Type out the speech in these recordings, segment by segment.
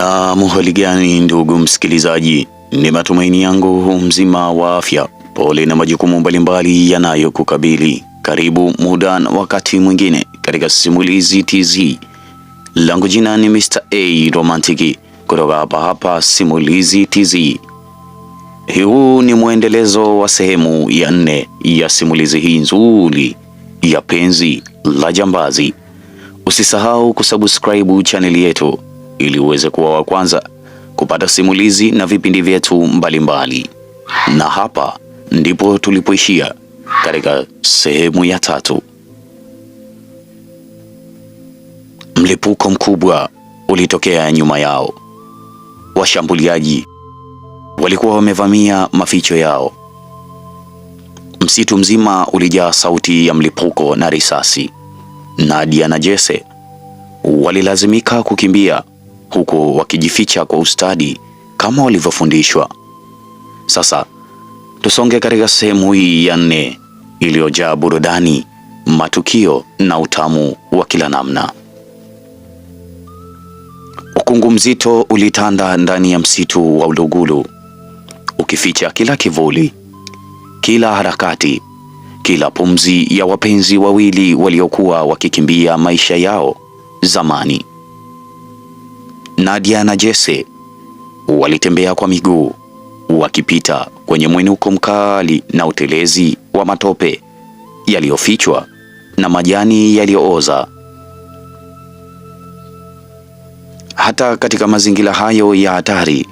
Na muhali gani, ndugu msikilizaji, ni matumaini yangu mzima wa afya. Pole na majukumu mbalimbali yanayokukabili. Karibu muda na wakati mwingine katika Simulizi Tz. Langu jina ni Mr. A Romantiki kutoka hapa hapa Simulizi Tz. Huu ni mwendelezo wa sehemu ya nne ya simulizi hii nzuri ya penzi la jambazi. Usisahau kusubscribe chaneli yetu ili uweze kuwa wa kwanza kupata simulizi na vipindi vyetu mbalimbali. Na hapa ndipo tulipoishia katika sehemu ya tatu. Mlipuko mkubwa ulitokea nyuma yao. Washambuliaji walikuwa wamevamia maficho yao. Msitu mzima ulijaa sauti ya mlipuko na risasi, Nadia na Jesse walilazimika kukimbia huku wakijificha kwa ustadi kama walivyofundishwa. Sasa tusonge katika sehemu hii ya nne iliyojaa burudani, matukio na utamu wa kila namna. Ukungu mzito ulitanda ndani ya msitu wa Uluguru ukificha kila kivuli, kila harakati, kila pumzi ya wapenzi wawili waliokuwa wakikimbia maisha yao zamani. Nadia na Jesse walitembea kwa miguu wakipita kwenye mwinuko mkali na utelezi wa matope yaliyofichwa na majani yaliyooza. Hata katika mazingira hayo ya hatari,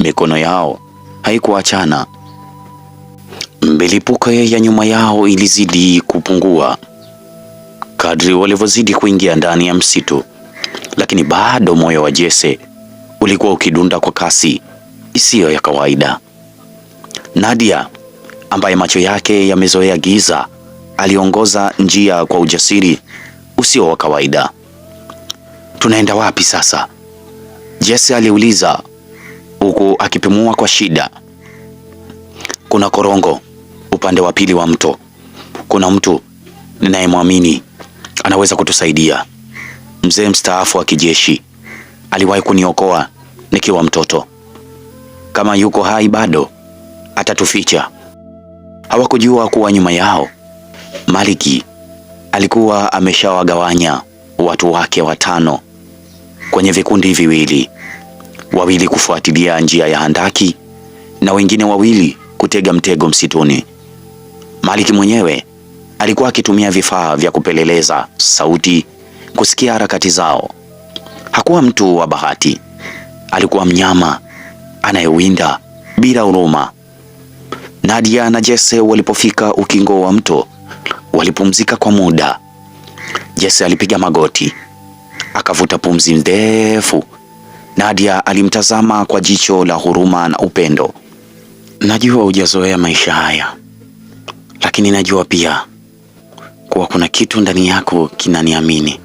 mikono yao haikuachana. Milipuko ya nyuma yao ilizidi kupungua kadri walivyozidi kuingia ndani ya msitu lakini bado moyo wa Jesse ulikuwa ukidunda kwa kasi isiyo ya kawaida. Nadia ambaye macho yake yamezoea giza aliongoza njia kwa ujasiri usio wa kawaida. Tunaenda wapi sasa? Jesse aliuliza huku akipumua kwa shida. Kuna korongo upande wa pili wa mto. Kuna mtu ninayemwamini anaweza kutusaidia mzee mstaafu wa kijeshi aliwahi kuniokoa nikiwa mtoto. Kama yuko hai bado atatuficha. Hawakujua kuwa nyuma yao Maliki alikuwa ameshawagawanya watu wake watano kwenye vikundi viwili, wawili kufuatilia njia ya handaki na wengine wawili kutega mtego msituni. Maliki mwenyewe alikuwa akitumia vifaa vya kupeleleza sauti kusikia harakati zao. Hakuwa mtu wa bahati, alikuwa mnyama anayewinda bila huruma. Nadia na Jesse walipofika ukingo wa mto, walipumzika kwa muda. Jesse alipiga magoti, akavuta pumzi ndefu. Nadia alimtazama kwa jicho la huruma na upendo. Najua hujazoea maisha haya, lakini najua pia kuwa kuna kitu ndani yako kinaniamini.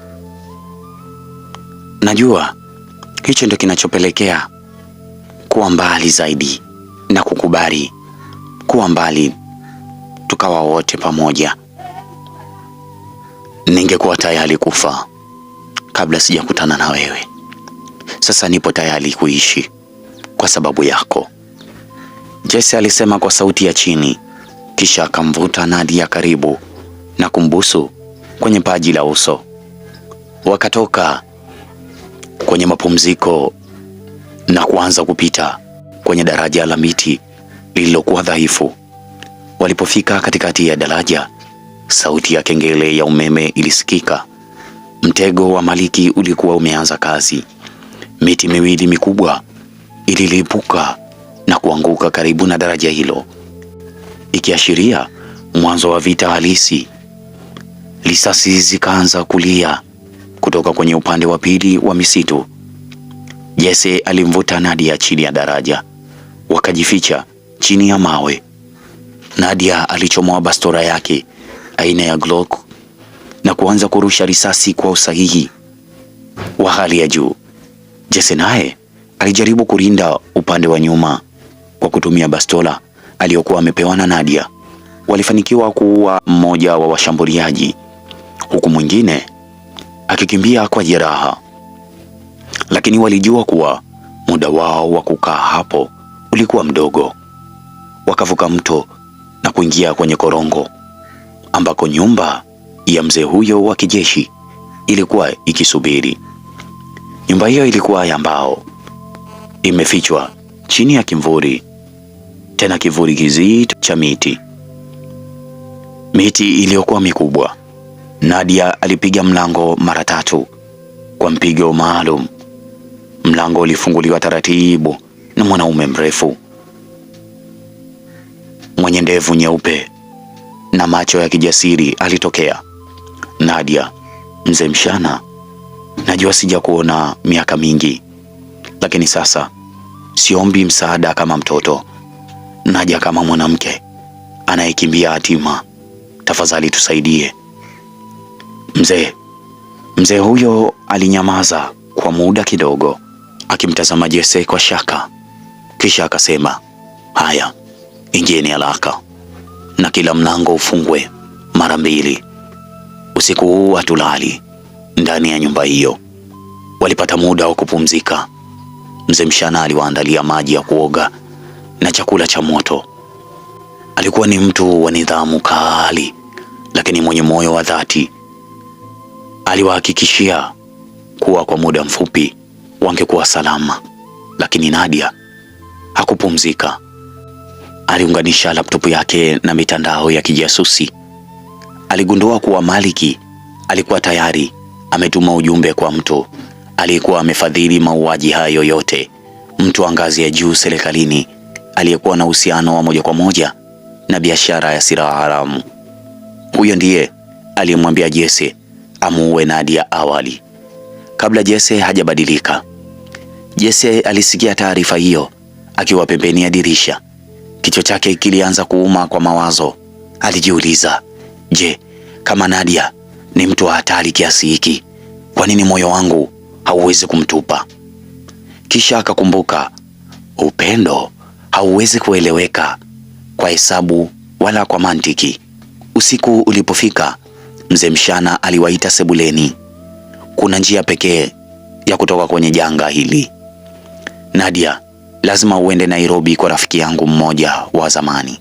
Najua hicho ndio kinachopelekea kuwa mbali zaidi na kukubali kuwa mbali, tukawa wote pamoja. Ningekuwa tayari kufa kabla sijakutana na wewe. Sasa nipo tayari kuishi kwa sababu yako, Jesse alisema kwa sauti ya chini, kisha akamvuta Nadia karibu na kumbusu kwenye paji la uso. Wakatoka kwenye mapumziko na kuanza kupita kwenye daraja la miti lililokuwa dhaifu. Walipofika katikati ya daraja, sauti ya kengele ya umeme ilisikika. Mtego wa Maliki ulikuwa umeanza kazi. Miti miwili mikubwa ililipuka na kuanguka karibu na daraja hilo, ikiashiria mwanzo wa vita halisi. Risasi zikaanza kulia kutoka kwenye upande wa pili wa misitu. Jesse alimvuta Nadia chini ya daraja, wakajificha chini ya mawe. Nadia alichomoa bastora yake aina ya Glock na kuanza kurusha risasi kwa usahihi wa hali ya juu. Jesse naye alijaribu kulinda upande wa nyuma kwa kutumia bastola aliyokuwa amepewa na Nadia. Walifanikiwa kuua mmoja wa washambuliaji huku mwingine akikimbia kwa jeraha, lakini walijua kuwa muda wao wa kukaa hapo ulikuwa mdogo. Wakavuka mto na kuingia kwenye korongo ambako nyumba ya mzee huyo wa kijeshi ilikuwa ikisubiri. Nyumba hiyo ilikuwa ya mbao, imefichwa chini ya kimvuri, tena kivuri kizito cha miti, miti iliyokuwa mikubwa Nadia alipiga mlango mara tatu kwa mpigo maalum. Mlango ulifunguliwa taratibu na mwanaume mrefu mwenye ndevu nyeupe na macho ya kijasiri alitokea. Nadia, mzee mshana, najua sijakuona miaka mingi, lakini sasa siombi msaada kama mtoto, naja kama mwanamke anayekimbia hatima. Tafadhali tusaidie. Mzee mzee huyo alinyamaza kwa muda kidogo, akimtazama Jesse kwa shaka, kisha akasema, haya, ingieni haraka na kila mlango ufungwe mara mbili. Usiku huu hatulali ndani ya nyumba hiyo. Walipata muda wa kupumzika. Mzee Mshana aliwaandalia maji ya kuoga na chakula cha moto. Alikuwa ni mtu wa nidhamu kali, lakini mwenye moyo wa dhati aliwahakikishia kuwa kwa muda mfupi wangekuwa salama, lakini Nadia hakupumzika. Aliunganisha laptopu yake na mitandao ya kijasusi. Aligundua kuwa Maliki alikuwa tayari ametuma ujumbe kwa mtu aliyekuwa amefadhili mauaji hayo yote, mtu wa ngazi ya juu serikalini aliyekuwa na uhusiano wa moja kwa moja na biashara ya silaha haramu. Huyo ndiye aliyemwambia Jesse amuue nadia awali kabla Jesse hajabadilika. Jesse alisikia taarifa hiyo akiwa pembeni ya dirisha. Kichwa chake kilianza kuuma kwa mawazo. Alijiuliza, je, kama Nadia ni mtu wa hatari kiasi hiki, kwa nini moyo wangu hauwezi kumtupa? Kisha akakumbuka, upendo hauwezi kueleweka kwa hesabu wala kwa mantiki. Usiku ulipofika, Mzee Mshana aliwaita sebuleni. Kuna njia pekee ya kutoka kwenye janga hili. Nadia, lazima uende Nairobi kwa rafiki yangu mmoja wa zamani,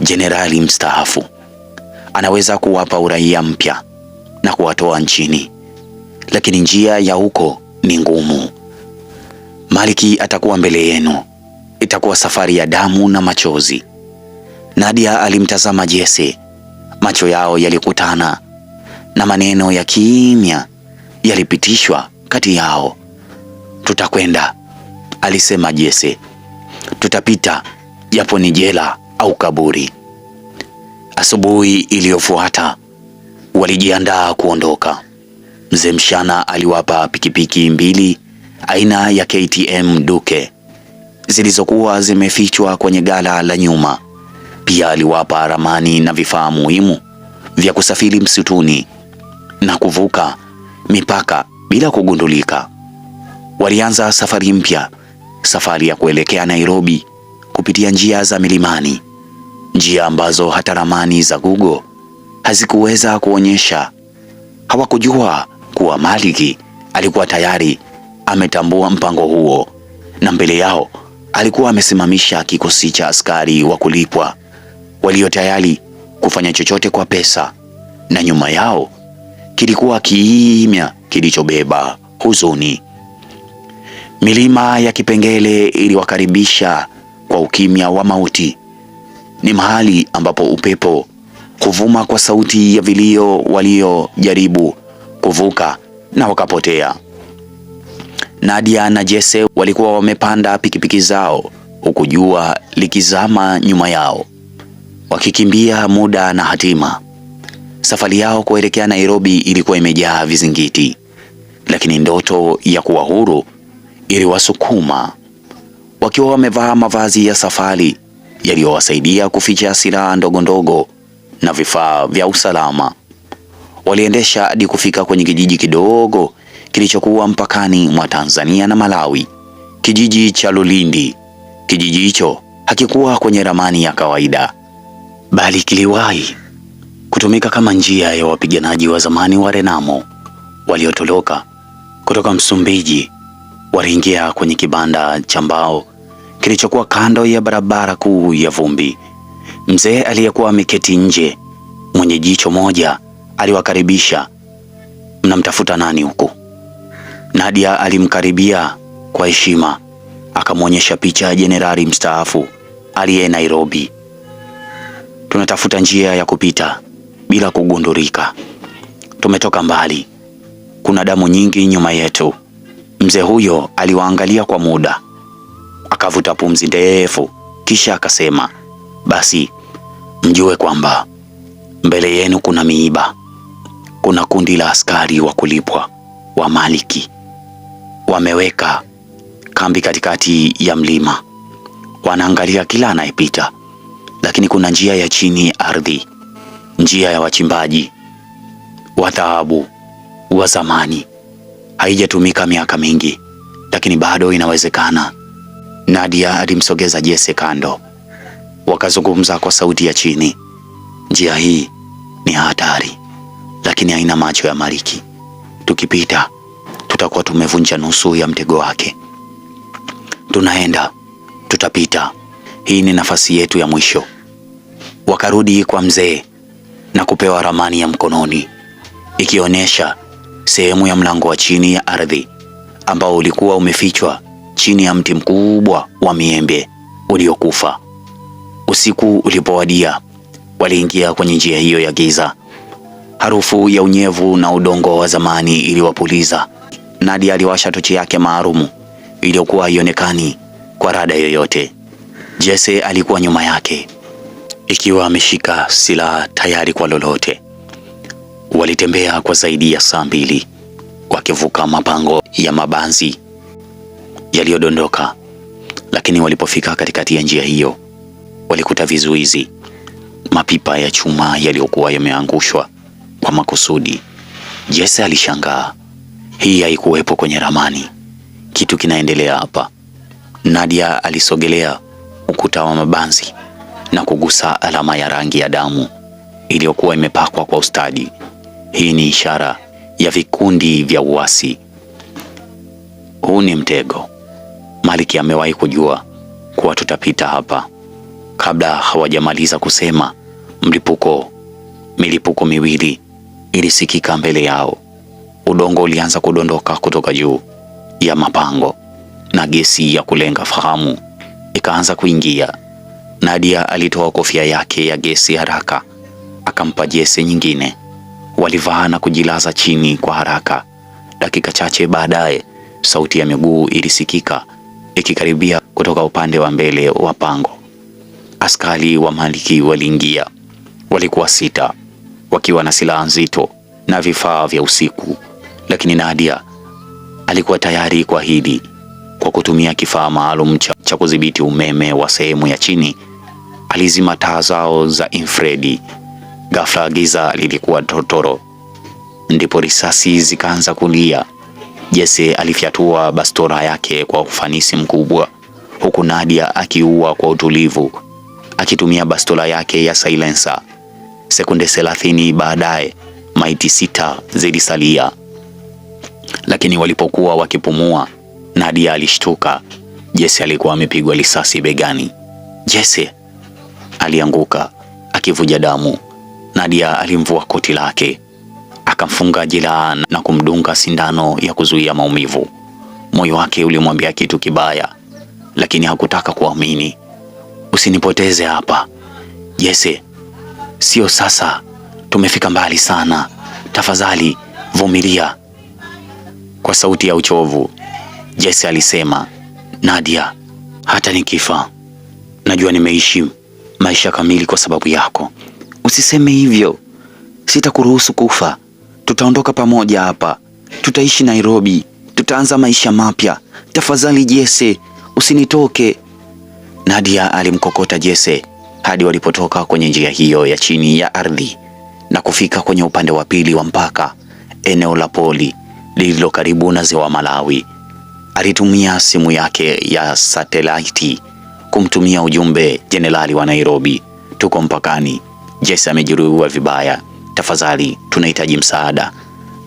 jenerali mstaafu. Anaweza kuwapa uraia mpya na kuwatoa nchini, lakini njia ya huko ni ngumu. Maliki atakuwa mbele yenu, itakuwa safari ya damu na machozi. Nadia alimtazama Jesse Macho yao yalikutana na maneno ya kimya yalipitishwa kati yao. Tutakwenda, alisema Jesse, tutapita japo ni jela au kaburi. Asubuhi iliyofuata walijiandaa kuondoka. Mzee Mshana aliwapa pikipiki mbili aina ya KTM Duke zilizokuwa zimefichwa kwenye gala la nyuma. Pia aliwapa ramani na vifaa muhimu vya kusafiri msituni na kuvuka mipaka bila kugundulika. Walianza safari mpya, safari ya kuelekea Nairobi kupitia njia za milimani, njia ambazo hata ramani za Google hazikuweza kuonyesha. Hawakujua kuwa Maliki alikuwa tayari ametambua mpango huo na mbele yao alikuwa amesimamisha kikosi cha askari wa kulipwa walio tayari kufanya chochote kwa pesa, na nyuma yao kilikuwa kimya kilichobeba huzuni. Milima ya Kipengele iliwakaribisha kwa ukimya wa mauti. Ni mahali ambapo upepo huvuma kwa sauti ya vilio waliojaribu kuvuka na wakapotea. Nadia na Jesse walikuwa wamepanda pikipiki zao huku jua likizama nyuma yao wakikimbia muda na hatima. Safari yao kuelekea Nairobi ilikuwa imejaa vizingiti, lakini ndoto ya kuwa huru iliwasukuma wakiwa wamevaa mavazi ya safari yaliyowasaidia kuficha silaha ndogo ndogo na vifaa vya usalama. Waliendesha hadi kufika kwenye kijiji kidogo kilichokuwa mpakani mwa Tanzania na Malawi, kijiji cha Lulindi. Kijiji hicho hakikuwa kwenye ramani ya kawaida, bali kiliwahi kutumika kama njia ya wapiganaji wa zamani wa Renamo waliotoroka kutoka Msumbiji waliingia kwenye kibanda cha mbao kilichokuwa kando ya barabara kuu ya vumbi. Mzee aliyekuwa ameketi nje mwenye jicho moja aliwakaribisha. Mnamtafuta nani huku? Nadia alimkaribia kwa heshima akamwonyesha picha ya jenerali mstaafu aliye Nairobi tunatafuta njia ya kupita bila kugundulika. Tumetoka mbali, kuna damu nyingi nyuma yetu. Mzee huyo aliwaangalia kwa muda, akavuta pumzi ndefu, kisha akasema, basi mjue kwamba mbele yenu kuna miiba, kuna kundi la askari wa kulipwa wa Maliki wameweka kambi katikati ya mlima, wanaangalia kila anayepita lakini kuna njia ya chini ardhi, njia ya wachimbaji wa dhahabu wa zamani. Haijatumika miaka mingi, lakini bado inawezekana. Nadia alimsogeza Jesse kando, wakazungumza kwa sauti ya chini. Njia hii ni hatari, lakini haina macho ya Maliki. Tukipita tutakuwa tumevunja nusu ya mtego wake. Tunaenda, tutapita hii ni nafasi yetu ya mwisho. Wakarudi kwa mzee na kupewa ramani ya mkononi ikionyesha sehemu ya mlango wa chini ya ardhi ambao ulikuwa umefichwa chini ya mti mkubwa wa miembe uliokufa. Usiku ulipowadia, waliingia kwenye njia hiyo ya giza. Harufu ya unyevu na udongo wa zamani iliwapuliza. Nadia aliwasha tochi yake maalumu iliyokuwa haionekani kwa rada yoyote. Jesse alikuwa nyuma yake, ikiwa ameshika silaha tayari kwa lolote. Walitembea kwa zaidi ya saa mbili wakivuka mapango ya mabanzi yaliyodondoka, lakini walipofika katikati ya njia hiyo walikuta vizuizi, mapipa ya chuma yaliyokuwa yameangushwa kwa makusudi. Jesse alishangaa, hii haikuwepo kwenye ramani. Kitu kinaendelea hapa. Nadia alisogelea ukuta wa mabanzi na kugusa alama ya rangi ya damu iliyokuwa imepakwa kwa ustadi. Hii ni ishara ya vikundi vya uasi. Huu ni mtego. Maliki amewahi kujua kuwa tutapita hapa. Kabla hawajamaliza kusema, mlipuko milipuko miwili ilisikika mbele yao. Udongo ulianza kudondoka kutoka juu ya mapango na gesi ya kulenga fahamu ikaanza kuingia. Nadia alitoa kofia yake ya gesi haraka, akampa Jesse nyingine. Walivaa na kujilaza chini kwa haraka. Dakika chache baadaye, sauti ya miguu ilisikika ikikaribia kutoka upande wa mbele wa pango. Askari wa Maliki waliingia. Walikuwa sita, wakiwa na silaha nzito na vifaa vya usiku, lakini Nadia alikuwa tayari kwa hili kwa kutumia kifaa maalum cha kudhibiti umeme wa sehemu ya chini, alizima taa zao za infredi. Ghafla giza lilikuwa totoro, ndipo risasi zikaanza kulia. Jesse alifyatua bastola yake kwa ufanisi mkubwa, huku Nadia akiua kwa utulivu akitumia bastola yake ya silencer. Sekunde thelathini baadaye maiti sita zilisalia, lakini walipokuwa wakipumua Nadia alishtuka. Jesse alikuwa amepigwa risasi begani. Jesse alianguka akivuja damu. Nadia alimvua koti lake, akamfunga jeraha na kumdunga sindano ya kuzuia maumivu. Moyo wake ulimwambia kitu kibaya, lakini hakutaka kuamini. Usinipoteze hapa Jesse, sio sasa, tumefika mbali sana, tafadhali vumilia, kwa sauti ya uchovu Jesse alisema, Nadia, hata nikifa najua nimeishi maisha kamili kwa sababu yako. Usiseme hivyo, sitakuruhusu kufa. Tutaondoka pamoja hapa, tutaishi Nairobi, tutaanza maisha mapya. Tafadhali Jesse, usinitoke. Nadia alimkokota Jesse hadi walipotoka kwenye njia hiyo ya chini ya ardhi na kufika kwenye upande wa pili wa mpaka, eneo la poli lililo karibu na ziwa Malawi alitumia simu yake ya satelaiti kumtumia ujumbe jenerali wa Nairobi, tuko mpakani, Jesse amejeruhiwa vibaya, tafadhali tunahitaji msaada.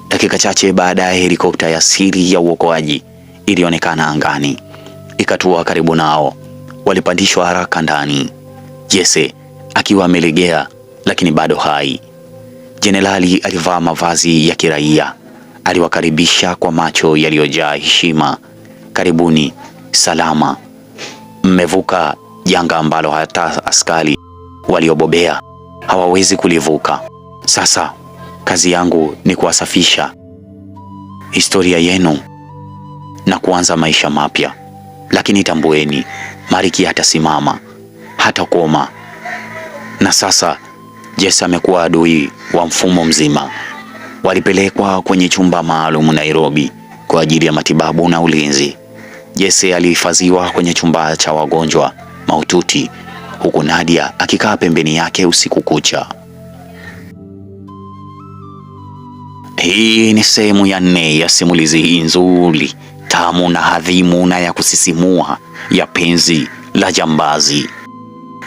Dakika chache baadaye helikopta ya siri ya uokoaji ilionekana angani, ikatua karibu nao. Walipandishwa haraka ndani, Jesse akiwa amelegea lakini bado hai. Jenerali alivaa mavazi ya kiraia, aliwakaribisha kwa macho yaliyojaa heshima karibuni salama. Mmevuka janga ambalo hata askari waliobobea hawawezi kulivuka. Sasa kazi yangu ni kuwasafisha historia yenu na kuanza maisha mapya, lakini tambueni, Mariki hatasimama, kuoma Na sasa Jesse amekuwa adui wa mfumo mzima. Walipelekwa kwenye chumba maalum Nairobi kwa ajili ya matibabu na ulinzi. Jesse alihifadhiwa kwenye chumba cha wagonjwa mahututi huku Nadia akikaa pembeni yake usiku kucha. Hii ni sehemu ya nne ya simulizi hii nzuri, tamu na hadhimu na ya kusisimua ya penzi la jambazi.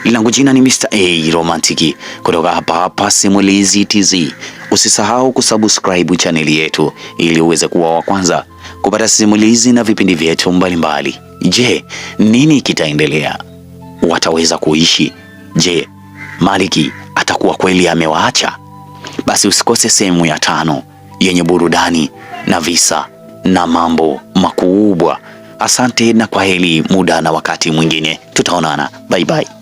Langu jina ni Mr. A Romantiki kutoka hapa hapa Simulizi Tz. Usisahau kusubscribe chaneli yetu ili uweze kuwa wa kwanza kupata simulizi na vipindi vyetu mbalimbali. Je, nini kitaendelea? Wataweza kuishi? Je, Maliki atakuwa kweli amewaacha? Basi usikose sehemu ya tano yenye burudani na visa na mambo makubwa. Asante na kwa heli muda na wakati mwingine tutaonana. Bye bye.